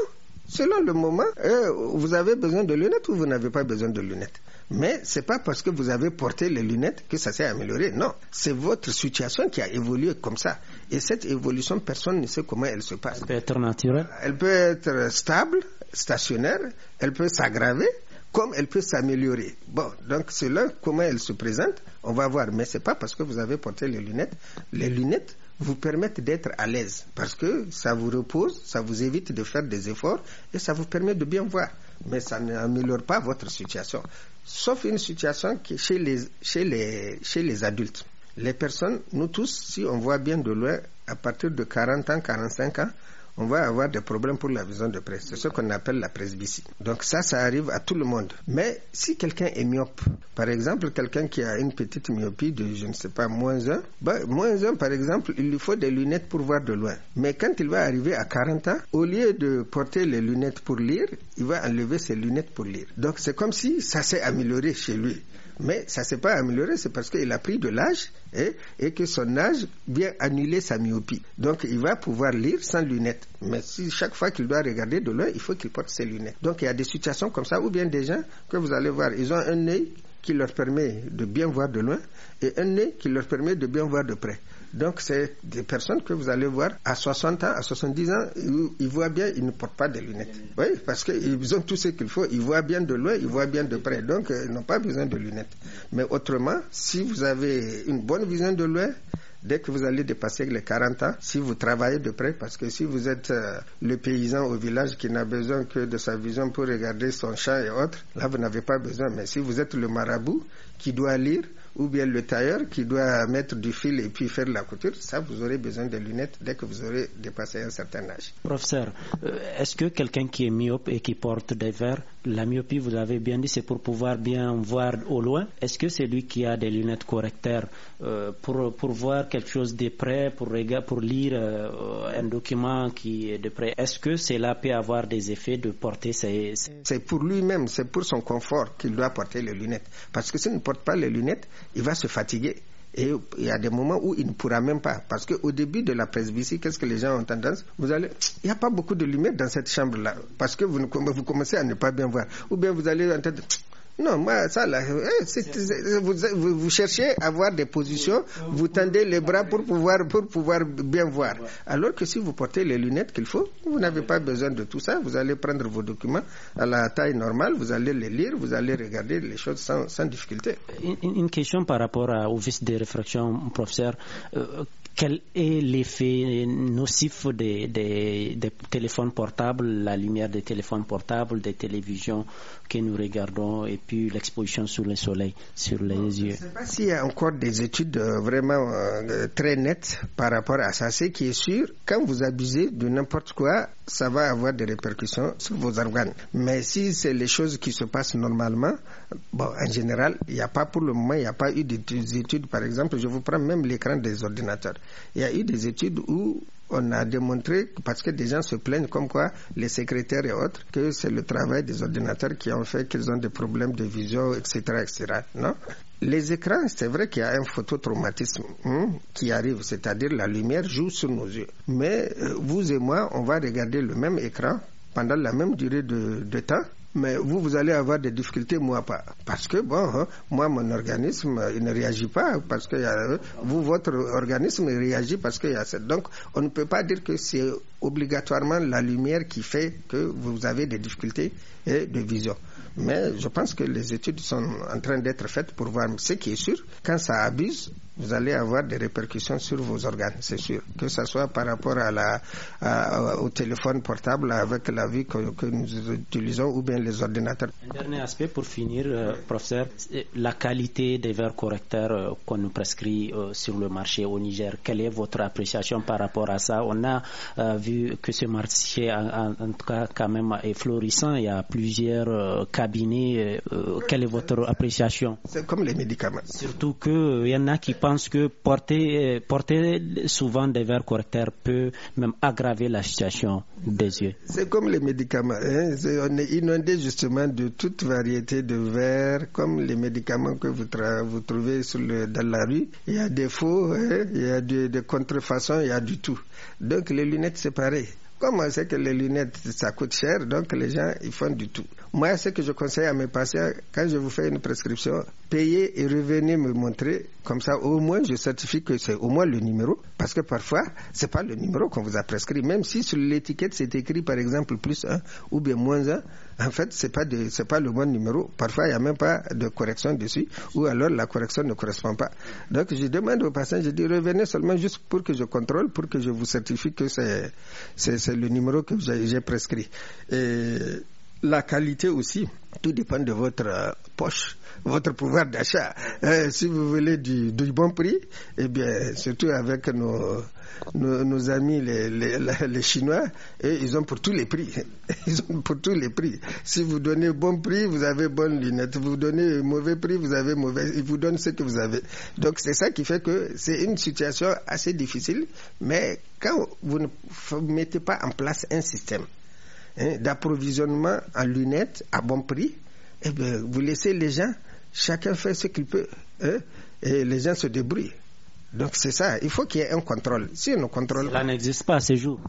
selon le moment, euh, vous avez besoin de lunettes ou vous n'avez pas besoin de lunettes. Mais ce n'est pas parce que vous avez porté les lunettes que ça s'est amélioré. Non, c'est votre situation qui a évolué comme ça. Et cette évolution, personne ne sait comment elle se passe. Elle peut être naturelle. Elle peut être stable, stationnaire, elle peut s'aggraver, comme elle peut s'améliorer. Bon, donc c'est comment elle se présente, on va voir. Mais ce n'est pas parce que vous avez porté les lunettes. Les lunettes, vous permettent d'être à l'aise parce que ça vous repose, ça vous évite de faire des efforts et ça vous permet de bien voir. Mais ça n'améliore pas votre situation. Sauf une situation qui, chez, les, chez, les, chez les adultes. Les personnes, nous tous, si on voit bien de loin, à partir de 40 ans, 45 ans, on va avoir des problèmes pour la vision de presse. C'est ce qu'on appelle la presbytie. Donc ça, ça arrive à tout le monde. Mais si quelqu'un est myope, par exemple, quelqu'un qui a une petite myopie de, je ne sais pas, moins un, bah, moins un par exemple, il lui faut des lunettes pour voir de loin. Mais quand il va arriver à 40 ans, au lieu de porter les lunettes pour lire, il va enlever ses lunettes pour lire. Donc c'est comme si ça s'est amélioré chez lui. Mais ça ne s'est pas amélioré, c'est parce qu'il a pris de l'âge et, que son âge vient annuler sa myopie. Donc il va pouvoir lire sans lunettes. Mais si chaque fois qu'il doit regarder de loin, il faut qu'il porte ses lunettes. Donc il y a des situations comme ça, ou bien des gens que vous allez voir, ils ont un œil qui leur permet de bien voir de loin et un nez qui leur permet de bien voir de près. Donc, c'est des personnes que vous allez voir à 60 ans, à 70 ans, ils, ils voient bien, ils ne portent pas de lunettes. Oui, parce qu'ils ont tout ce qu'il faut. Ils voient bien de loin, ils voient bien de près. Donc, euh, ils n'ont pas besoin de lunettes. Mais autrement, si vous avez une bonne vision de loin, dès que vous allez dépasser les 40 ans, si vous travaillez de près, parce que si vous êtes euh, le paysan au village qui n'a besoin que de sa vision pour regarder son champ et autres, là vous n'avez pas besoin. Mais si vous êtes le marabout qui doit lire, ou bien le tailleur qui doit mettre du fil et puis faire la couture, ça, vous aurez besoin de lunettes dès que vous aurez dépassé un certain âge. Professeur, euh, est-ce que quelqu'un qui est myope et qui porte des verres, la myopie, vous l'avez bien dit, c'est pour pouvoir bien voir au loin. Est-ce que c'est lui qui a des lunettes correcteurs euh, pour, pour voir quelque chose de près, pour, pour lire euh, un document qui est de près Est-ce que cela peut avoir des effets de porter ces... C'est pour lui-même, c'est pour son confort qu'il doit porter les lunettes. Parce que s'il ne porte pas les lunettes, il va se fatiguer. Et il y a des moments où il ne pourra même pas. Parce qu'au début de la presbytie, qu'est-ce que les gens ont tendance Vous allez, il n'y a pas beaucoup de lumière dans cette chambre-là. Parce que vous, vous, commencez à ne pas bien voir. Ou bien vous allez entendre, non, moi, ça, là, eh, vous, vous, cherchez à avoir des positions, vous tendez les bras pour pouvoir, pour pouvoir bien voir. Alors que si vous portez les lunettes qu'il faut, vous n'avez pas besoin de tout ça. Vous allez prendre vos documents à la taille normale, vous allez les lire, vous allez regarder les choses sans, sans difficulté. Une, question par rapport au vice des réfractions, professeur. Euh, quel est l'effet nocif des, téléphones portables, la lumière des téléphones portables, des télévisions que nous regardons et puis l'exposition sur le soleil, sur les yeux. Je ne sais pas s'il y a encore des études euh, vraiment euh, très nettes par rapport à ça. Ce qui est sûr, quand vous abusez de n'importe quoi, ça va avoir des répercussions sur vos organes. Mais si c'est les choses qui se passent normalement, bon, en général, il n'y a pas pour le moment, il n'y a pas eu des études, Par exemple, je vous prends même l'écran des ordinateurs. Il y a eu des études où on a démontré, parce que des gens se plaignent comme quoi les secrétaires et autres, que c'est le travail des ordinateurs qui ont fait qu'ils ont des problèmes de vision, etc., etc. Non les écrans, c'est vrai qu'il y a un phototraumatisme hein, qui arrive, c'est-à-dire la lumière joue sur nos yeux. Mais euh, vous et moi, on va regarder le même écran pendant la même durée de, de temps. Mais vous, vous allez avoir des difficultés, moi pas. Parce que, bon, hein, moi, mon organisme, euh, il ne réagit pas. Parce que euh, vous, votre organisme, il réagit parce qu'il y a cette. Donc, on ne peut pas dire que c'est obligatoirement la lumière qui fait que vous avez des difficultés de vision. Mais je pense que les études sont en train d'être faites pour voir ce qui est sûr. Quand ça abuse, vous allez avoir des répercussions sur vos organes, c'est sûr. Que ce soit par rapport à la, au téléphone portable avec la vie que, nous utilisons ou bien les ordinateurs. Un dernier aspect pour finir, euh, professeur, la qualité des verres correcteurs euh, qu'on nous prescrit euh, sur le marché au Niger. Quelle est votre appréciation par rapport à ça On a vu que ce marché, en, tout cas, quand même, est florissant. Il y a plusieurs cabinets. quelle est votre appréciation C'est comme les médicaments. Surtout qu'il y en a qui je pense que porter, euh, porter souvent des verres correcteurs peut même aggraver la situation des yeux. C'est comme les médicaments. Hein. on est inondé justement de toute variété de verres, comme les médicaments que vous, trouvez sur dans la rue. Il y a des faux, hein. il y a des contrefaçons, il y a du tout. Donc les lunettes, c'est pareil. Comme on sait que les lunettes, ça coûte cher, donc les gens, ils font du tout. Moi, ce que je conseille à mes patients, quand je vous fais une prescription, payez et revenez me montrer. Comme ça, au moins, je certifie que c'est au moins le numéro. Parce que parfois, c'est pas le numéro qu'on vous a prescrit. Même si sur l'étiquette, c'est écrit, par exemple, plus un ou bien moins 1, en fait, c'est pas c'est pas le bon numéro. Parfois, il n'y a même pas de correction dessus, ou alors la correction ne correspond pas. Donc, je demande aux patients, je dis, revenez seulement juste pour que je contrôle, pour que je vous certifie que c'est, c'est, le numéro que j'ai prescrit. Et la qualité aussi, tout dépend de votre euh, poche, votre pouvoir d'achat. Euh, si vous voulez du, bon prix, eh bien, surtout avec nos, nos, amis les, les, Chinois, et ils ont pour tous les prix. Ils ont pour tous les prix. Si vous donnez bon prix, vous avez bonne lunette. Vous donnez mauvais prix, vous avez mauvais. Ils vous donnent ce que vous avez. Donc, c'est ça qui fait que c'est une situation assez difficile, mais quand vous ne mettez pas en place un système, Hein, d'approvisionnement en lunettes à bon prix, et eh ben, vous laissez les gens, chacun fait ce qu'il peut, hein, et les gens se débrouillent. Donc c'est ça, il faut qu'il y ait un contrôle. Si on contrôle. Cela n'existe pas à ces jours.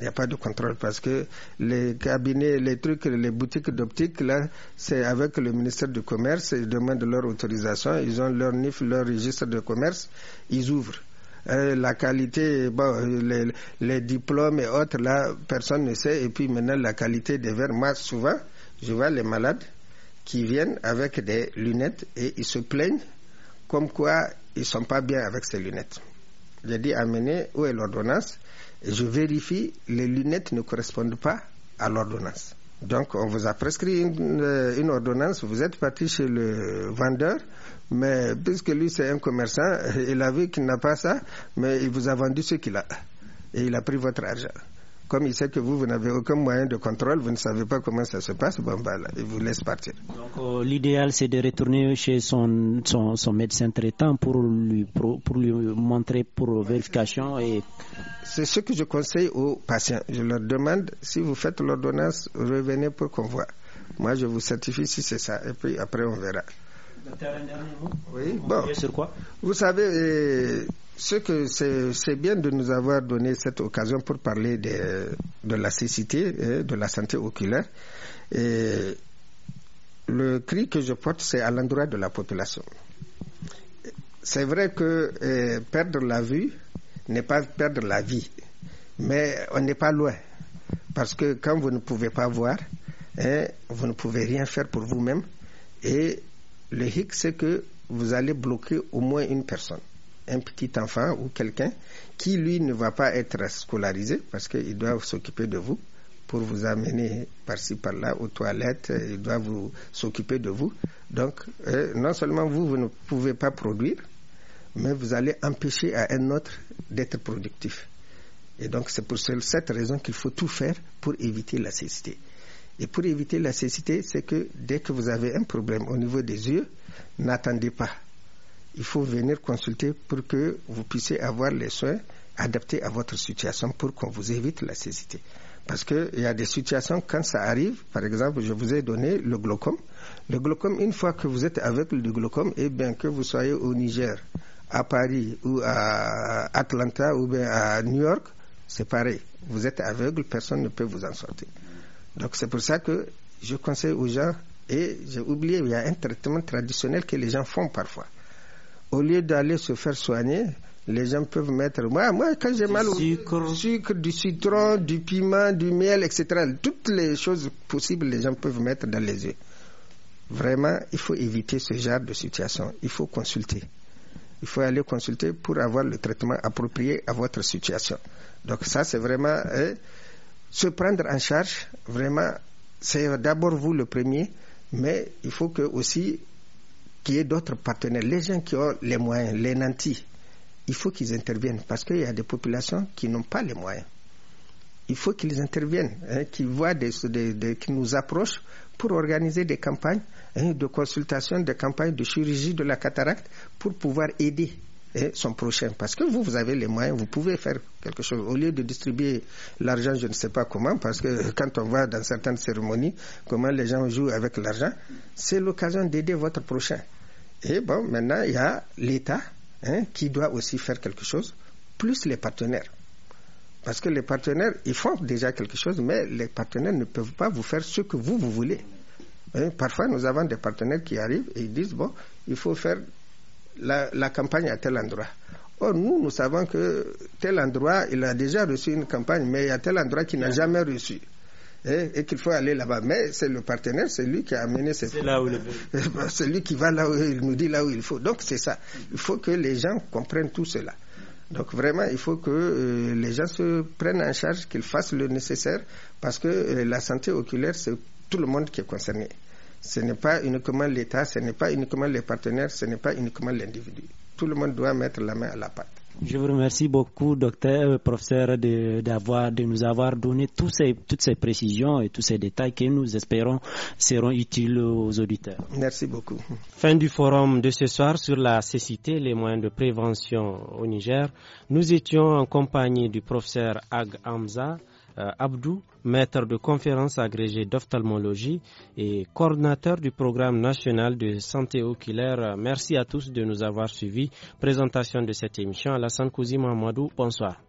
il n'y a pas de contrôle parce que les cabinets, les trucs, les boutiques d'optique, là, c'est avec le ministère du Commerce, ils demandent leur autorisation, ils ont leur NIF, leur registre de commerce, ils ouvrent. Euh, la qualité, bon, euh, les, diplômes et autres, là, personne ne sait. Et puis maintenant, la qualité des verres. Moi, souvent, je vois les malades qui viennent avec des lunettes et ils se plaignent comme quoi ils ne sont pas bien avec ces lunettes. J'ai dit amenez où est l'ordonnance et je vérifie les lunettes ne correspondent pas à l'ordonnance. Donc on vous a prescrit euh, une, ordonnance, vous êtes parti chez le vendeur, mais puisque lui c'est un commerçant, il a vu qu'il n'a pas ça, mais il vous a vendu ce qu'il a. Et il a pris votre argent. Comme il sait que vous, vous n'avez aucun moyen de contrôle, vous ne savez pas comment ça se passe, il vous laisse partir. Donc, euh, l'idéal, c'est de retourner chez son, son, médecin traitant pour lui, lui montrer pour vérification. et. C'est ce que je conseille aux patients. Je leur demande, si vous faites l'ordonnance, revenez pour qu'on voit. Moi, je vous certifie si c'est ça. Et puis après, on verra. Oui, bon. Vous savez, euh, ce que c'est bien de nous avoir donné cette occasion pour parler de, la cécité, de la santé oculaire. Et le cri que je porte, c'est à l'endroit de la population. C'est vrai que euh, perdre la vue n'est pas perdre la vie, mais on n'est pas loin. Parce que quand vous ne pouvez pas voir, hein, vous ne pouvez rien faire pour vous-même et le hic, c'est que vous allez bloquer au moins une personne, un petit enfant ou quelqu'un qui, lui, ne va pas être scolarisé parce qu'il doit s'occuper de vous pour vous amener par-ci, par-là aux toilettes, il doit vous s'occuper de vous. Donc, euh, non seulement vous, vous ne pouvez pas produire, mais vous allez empêcher à un autre d'être productif. Et donc, c'est pour cette raison qu'il faut tout faire pour éviter la cécité. Et pour éviter la cécité, c'est que dès que vous avez un problème au niveau des yeux, n'attendez pas. Il faut venir consulter pour que vous puissiez avoir les soins adaptés à votre situation pour qu'on vous évite la cécité. Parce qu'il y a des situations, quand ça arrive, par exemple, je vous ai donné le glaucome. Le glaucome, une fois que vous êtes avec le glaucome, et eh bien que vous soyez au Niger, à Paris ou à Atlanta ou bien à New York, c'est pareil. Vous êtes aveugle, personne ne peut vous en sortir. Donc c'est pour ça que je conseille aux gens, et j'ai oublié, il y a un traitement traditionnel que les gens font parfois. Au lieu d'aller se faire soigner, les gens peuvent mettre, moi, moi quand j'ai mal au sucre. du citron, du piment, du miel, etc. Toutes les choses possibles, les gens peuvent mettre dans les yeux. Vraiment, il faut éviter ce genre de situation. Il faut consulter. Il faut aller consulter pour avoir le traitement approprié à votre situation. Donc ça, c'est vraiment... Hein, se prendre en charge, vraiment, c'est d'abord vous le premier, mais il faut que aussi qu'il y ait d'autres partenaires. Les gens qui ont les moyens, les nantis, il faut qu'ils interviennent parce qu'il y a des populations qui n'ont pas les moyens. Il faut qu'ils interviennent, hein, qu'ils voient des, qui nous approchent pour organiser des campagnes hein, de consultation, des campagnes de chirurgie de la cataracte pour pouvoir aider et son prochain. Parce que vous, vous avez les moyens, vous pouvez faire quelque chose. Au lieu de distribuer l'argent, je ne sais pas comment, parce que quand on voit dans certaines cérémonies, comment les gens jouent avec l'argent, c'est l'occasion d'aider votre prochain. Et bon, maintenant, il y a l'État hein, qui doit aussi faire quelque chose, plus les partenaires. Parce que les partenaires, ils font déjà quelque chose, mais les partenaires ne peuvent pas vous faire ce que vous, vous voulez. Hein, parfois, nous avons des partenaires qui arrivent et ils disent, bon, il faut faire la, campagne à tel endroit. Or, nous, nous savons que tel endroit, il a déjà reçu une campagne, mais il y a tel endroit qui n'a jamais reçu. Et, qu'il faut aller là-bas. Mais c'est le partenaire, c'est lui qui a amené ses C'est là où C'est lui qui va là où il nous dit là où il faut. Donc, c'est ça. Il faut que les gens comprennent tout cela. Donc vraiment, il faut que euh, les gens se prennent en charge, qu'ils fassent le nécessaire, parce que euh, la santé oculaire, c'est tout le monde qui est concerné. Ce n'est pas uniquement l'État, ce n'est pas uniquement les partenaires, ce n'est pas uniquement l'individu. Tout le monde doit mettre la main à la pâte. Je vous remercie beaucoup, docteur, professeur, de, d'avoir, de nous avoir donné ces, toutes ces précisions et tous ces détails que nous espérons seront utiles aux auditeurs. Merci beaucoup. Fin du forum de ce soir sur la cécité, les moyens de prévention au Niger. Nous étions en compagnie du professeur Ag Hamza. Euh, Abdou, maître de conférence agrégé d'ophtalmologie et coordinateur du programme national de santé oculaire. Euh, merci à tous de nous avoir suivis. Présentation de cette émission à la Sankouzi Mamadou. Bonsoir.